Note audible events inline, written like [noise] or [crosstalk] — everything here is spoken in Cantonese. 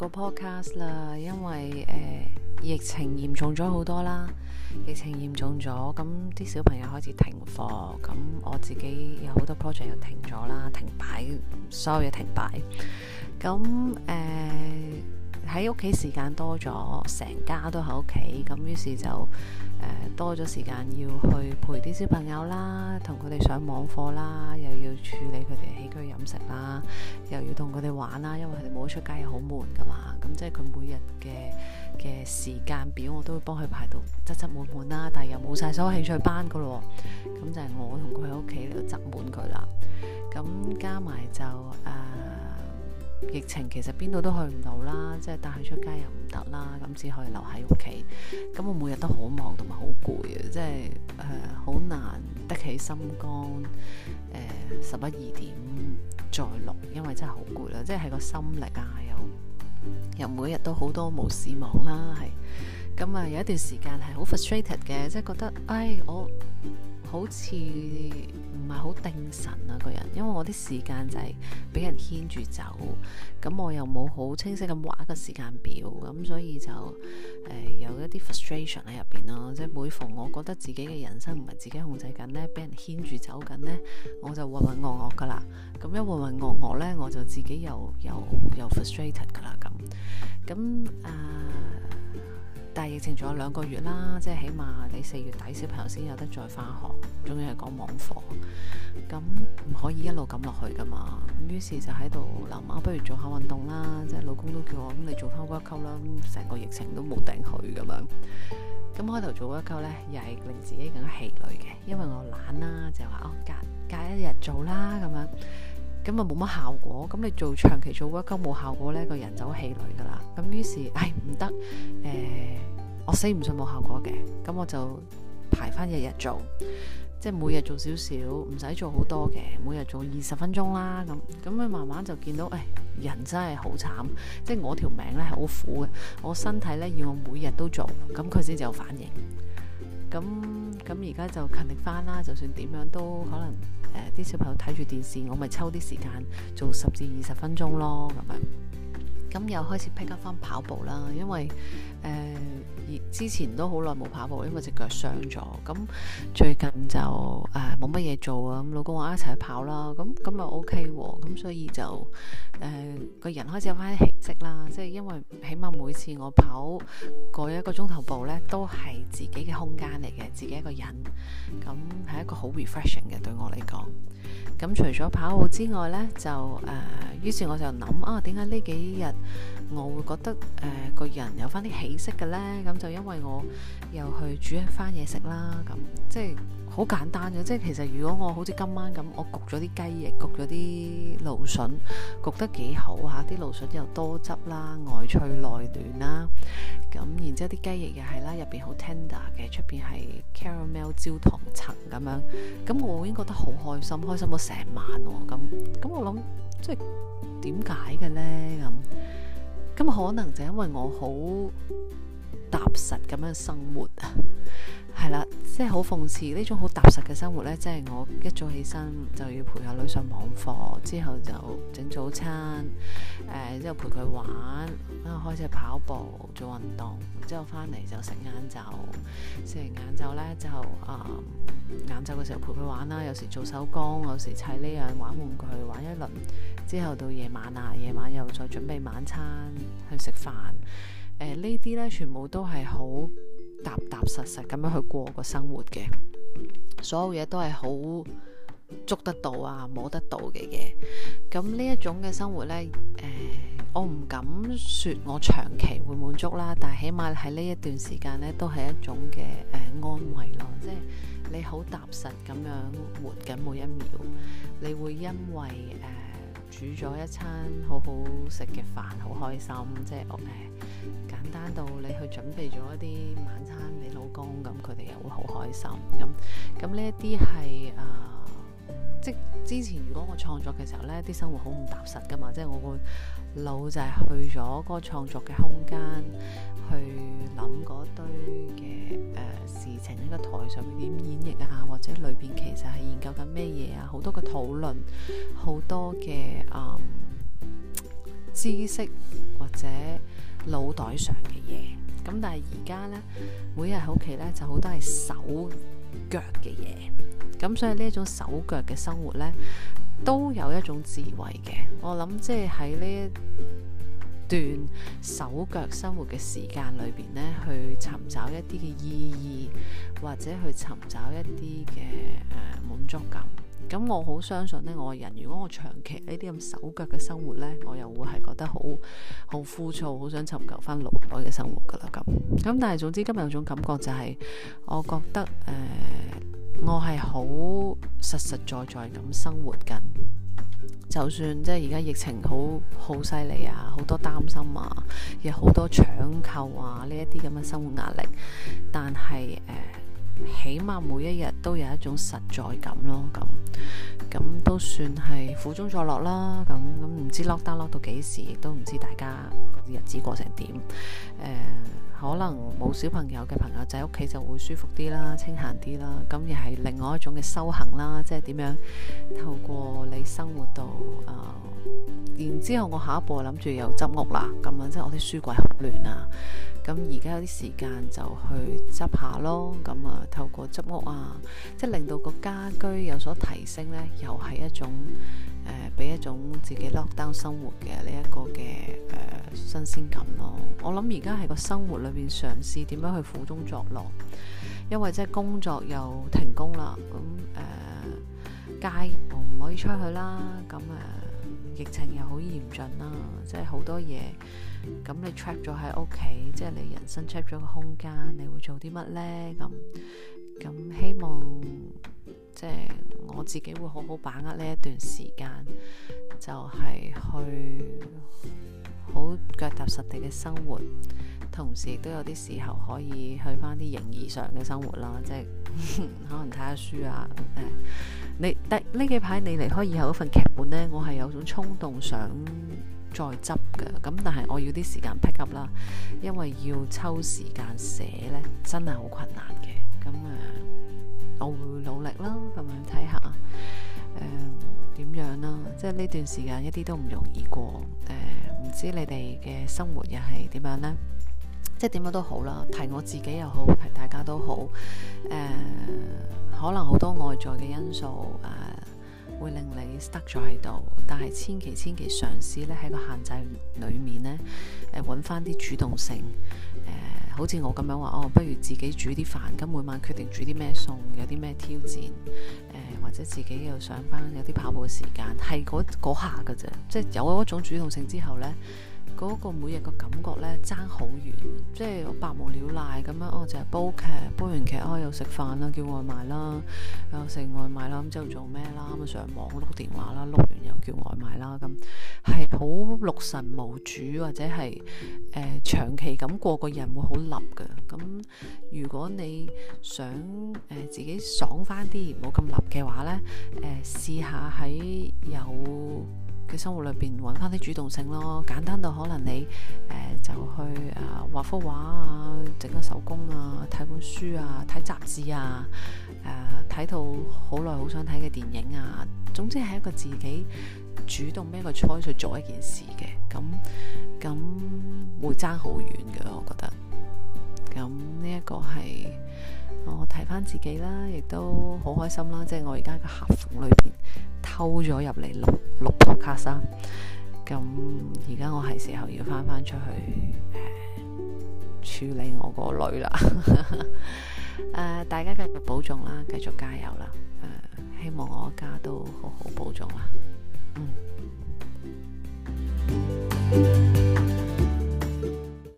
個 podcast 啦，因為誒、呃、疫情嚴重咗好多啦，疫情嚴重咗，咁啲小朋友開始停課，咁我自己有好多 project 又停咗啦，停擺，所有嘢停擺，咁誒喺屋企時間多咗，成家都喺屋企，咁於是就。Uh, 多咗時間要去陪啲小朋友啦，同佢哋上網課啦，又要處理佢哋起居飲食啦，又要同佢哋玩啦，因為佢哋冇得出街又好悶噶嘛。咁即係佢每日嘅嘅時間表，我都會幫佢排到擠擠滿滿啦。但係又冇晒所有興趣班噶咯，咁就係我同佢喺屋企嚟到擠滿佢啦。咁加埋就誒。Uh, 疫情其實邊度都去唔到啦，即係帶佢出街又唔得啦，咁只可以留喺屋企。咁、嗯、我每日都好忙同埋好攰啊，即係誒好難得起心肝十一二點再錄，因為真係好攰啦，即係喺個心力啊又又每日都好多無事忙啦，係咁啊，有一段時間係好 frustrated 嘅，即係覺得唉、哎、我。好似唔係好定神啊，個人，因為我啲時間就係俾人牽住走，咁我又冇好清晰咁畫個時間表，咁所以就誒、呃、有一啲 frustration 喺入邊咯，即係每逢我覺得自己嘅人生唔係自己控制緊呢，俾人牽住走緊呢，我就渾渾噩噩噶啦，咁一渾渾噩噩呢，我就自己又又又 frustrated 噶啦咁，咁啊。呃但係疫情仲有兩個月啦，即係起碼你四月底小朋友先有得再返學，總之係講網課，咁唔可以一路咁落去噶嘛。咁於是就喺度，諗、啊，媽不如做下運動啦，即係老公都叫我，咁、嗯、你做翻 workout 啦，成個疫情都冇頂佢咁樣。咁開頭做 workout 呢，又係令自己更加氣餒嘅，因為我懶啦，就話哦，隔隔一日做啦咁樣。咁啊冇乜效果，咁你做長期做 workout 冇效果呢個人就氣累噶啦。咁於是，唉，唔得，誒、呃、我死唔信冇效果嘅，咁我就排翻日日做，即係每日做少少，唔使做好多嘅，每日做二十分鐘啦。咁咁咧慢慢就見到，唉、哎，人真係好慘，即係我條命咧係好苦嘅，我身體咧要我每日都做，咁佢先至有反應。咁咁而家就勤力返啦，就算點樣都可能誒，啲、呃、小朋友睇住電視，我咪抽啲時間做十至二十分鐘咯，咁樣。咁又開始 pick up 翻跑步啦，因為誒之前都好耐冇跑步，因為隻、呃、腳傷咗。咁、嗯、最近就誒冇乜嘢做啊，咁老公話一齊去跑啦。咁咁又 O K 喎，咁、嗯嗯嗯嗯、所以就誒個、呃、人開始有翻啲氣息啦。即係因為起碼每次我跑嗰一個鐘頭步咧，都係自己嘅空間嚟嘅，自己一個人。咁、嗯、係一個好 refreshing 嘅對我嚟講。咁、嗯、除咗跑步之外咧，就誒、呃、於是我就諗啊，點解呢幾日？我會覺得誒、呃，個人有翻啲起色嘅咧，咁就因為我又去煮一翻嘢食啦，咁即係好簡單嘅。即係其實如果我好似今晚咁，我焗咗啲雞翼，焗咗啲蘆筍，焗得幾好吓，啲、啊、蘆筍又多汁啦，外脆內嫩啦，咁然之後啲雞翼又係啦，入邊好 tender 嘅，出邊係 caramel 焦糖層咁樣，咁我已經覺得好開心，開心到成晚喎、哦，咁咁我諗。即係點解嘅咧咁？咁、嗯、可能就因為我好踏實咁樣生活啊，係 [laughs] 啦，即係好諷刺呢種好踏實嘅生活咧，即係我一早起身就要陪下女上網課，之後就整早餐，誒、呃，之後陪佢玩，啊，開始跑步做運動，之後翻嚟就食晏晝，食完晏晝咧，就啊，晏晝嘅時候陪佢玩啦，有時做手工，有時砌呢樣玩，玩玩具，玩一輪。之後到夜晚啊，夜晚又再準備晚餐去食飯，誒呢啲呢，全部都係好踏踏實實咁樣去過個生活嘅，所有嘢都係好捉得到啊，摸得到嘅嘢。咁呢一種嘅生活呢，誒，我唔敢説我長期會滿足啦，但係起碼喺呢一段時間呢，都係一種嘅誒安慰咯，即係你好踏實咁樣活緊每一秒，你會因為誒。呃煮咗一餐好好食嘅飯，好開心，即係 OK 簡單到你去準備咗一啲晚餐俾老公，咁佢哋又會好開心，咁咁呢一啲係啊，即之前如果我創作嘅時候咧，啲生活好唔踏實噶嘛，即係我會腦就係去咗個創作嘅空間去諗嗰堆嘅誒、呃、事情，喺個台上面點演繹啊？即者裏邊其實係研究緊咩嘢啊，好多嘅討論，好多嘅誒、嗯、知識或者腦袋上嘅嘢。咁但係而家呢，每日喺屋企呢，就好多係手腳嘅嘢。咁所以呢一種手腳嘅生活呢，都有一種智慧嘅。我諗即係喺呢段手腳生活嘅時間裏邊咧，去尋找一啲嘅意義，或者去尋找一啲嘅誒滿足感。咁我好相信呢，我個人如果我長期呢啲咁手腳嘅生活呢，我又會係覺得好好枯燥，好想尋求翻腦袋嘅生活㗎喇。咁咁，但係總之今日有種感覺就係、是，我覺得誒、呃，我係好實實在在咁生活緊。就算即係而家疫情好好犀利啊，好多擔心啊，亦好多搶購啊，呢一啲咁嘅生活壓力，但係誒、呃，起碼每一日都有一種實在感咯，咁咁都算係苦中作樂啦，咁咁唔知 lockdown 落到幾時，亦都唔知大家日子過成點誒。呃。可能冇小朋友嘅朋友仔屋企就會舒服啲啦，清閒啲啦。咁亦係另外一種嘅修行啦，即係點樣透過你生活度啊、呃。然之後我下一步諗住又執屋啦，咁樣即係我啲書櫃好亂啊。咁而家有啲時間就去執下咯。咁啊，透過執屋啊，即係令到個家居有所提升咧，又係一種誒，俾、呃、一種自己 lock down 生活嘅呢一個嘅誒、呃、新鮮感咯。我諗而家係個生活咧。裏邊嘗試點樣去苦中作樂，因為即係工作又停工啦，咁誒、呃、街唔可以出去啦，咁誒、呃、疫情又好嚴峻啦，即係好多嘢，咁你 trap 咗喺屋企，即、就、係、是，你人生 trap 咗個空間，你會做啲乜呢？咁咁希望即係、就是、我自己會好好把握呢一段時間，就係、是、去好腳踏實地嘅生活。同時亦都有啲時候可以去翻啲形而上嘅生活啦，即係可能睇下書啊。誒，你第呢幾排你離開以後嗰份劇本咧，我係有種衝動想再執嘅，咁但係我要啲時間 pick up 啦，因為要抽時間寫咧真係好困難嘅。咁啊，我會努力啦，咁樣睇下誒點樣啦。即係呢段時間一啲都唔容易過。誒，唔知你哋嘅生活又係點樣咧？即係點樣都好啦，提我自己又好，提大家都好。誒、呃，可能好多外在嘅因素誒、呃，會令你 stuck 咗喺度。但係千祈千祈嘗試咧，喺個限制裏面咧，誒，揾翻啲主動性。誒、呃，好似我咁樣話，哦，不如自己煮啲飯，咁每晚決定煮啲咩餸，有啲咩挑戰。誒、呃，或者自己又上翻有啲跑步嘅時間，係嗰下㗎啫。即係有一種主動性之後咧。嗰個每日嘅感覺咧爭好遠，即係我百無聊賴咁樣，哦就係煲劇，煲完劇哦又食飯啦，叫外賣啦，又食外賣啦，咁、嗯、之後做咩啦？咁、嗯、上網碌電話啦，碌完又叫外賣啦，咁係好六神無主或者係誒、呃、長期咁過，個人會好立嘅。咁如果你想誒、呃、自己爽返啲，冇咁立嘅話咧，誒、呃、試下喺有嘅生活裏邊，搵翻啲主動性咯，簡單到可能你誒、呃、就去誒畫、呃、幅畫啊，整下手工啊，睇本書啊，睇雜誌啊，誒睇到好耐好想睇嘅電影啊，總之係一個自己主動一個 choice 去做一件事嘅，咁咁會爭好遠嘅，我覺得，咁呢一個係。我睇翻自己啦，亦都好開心啦，即係我而家個客房裏邊偷咗入嚟，六六套卡衫。咁而家我係時候要翻翻出去處理我個女啦、 [laughs] 呃，大家繼續保重啦，繼續加油啦、呃，希望我家都好好保重啦，嗯。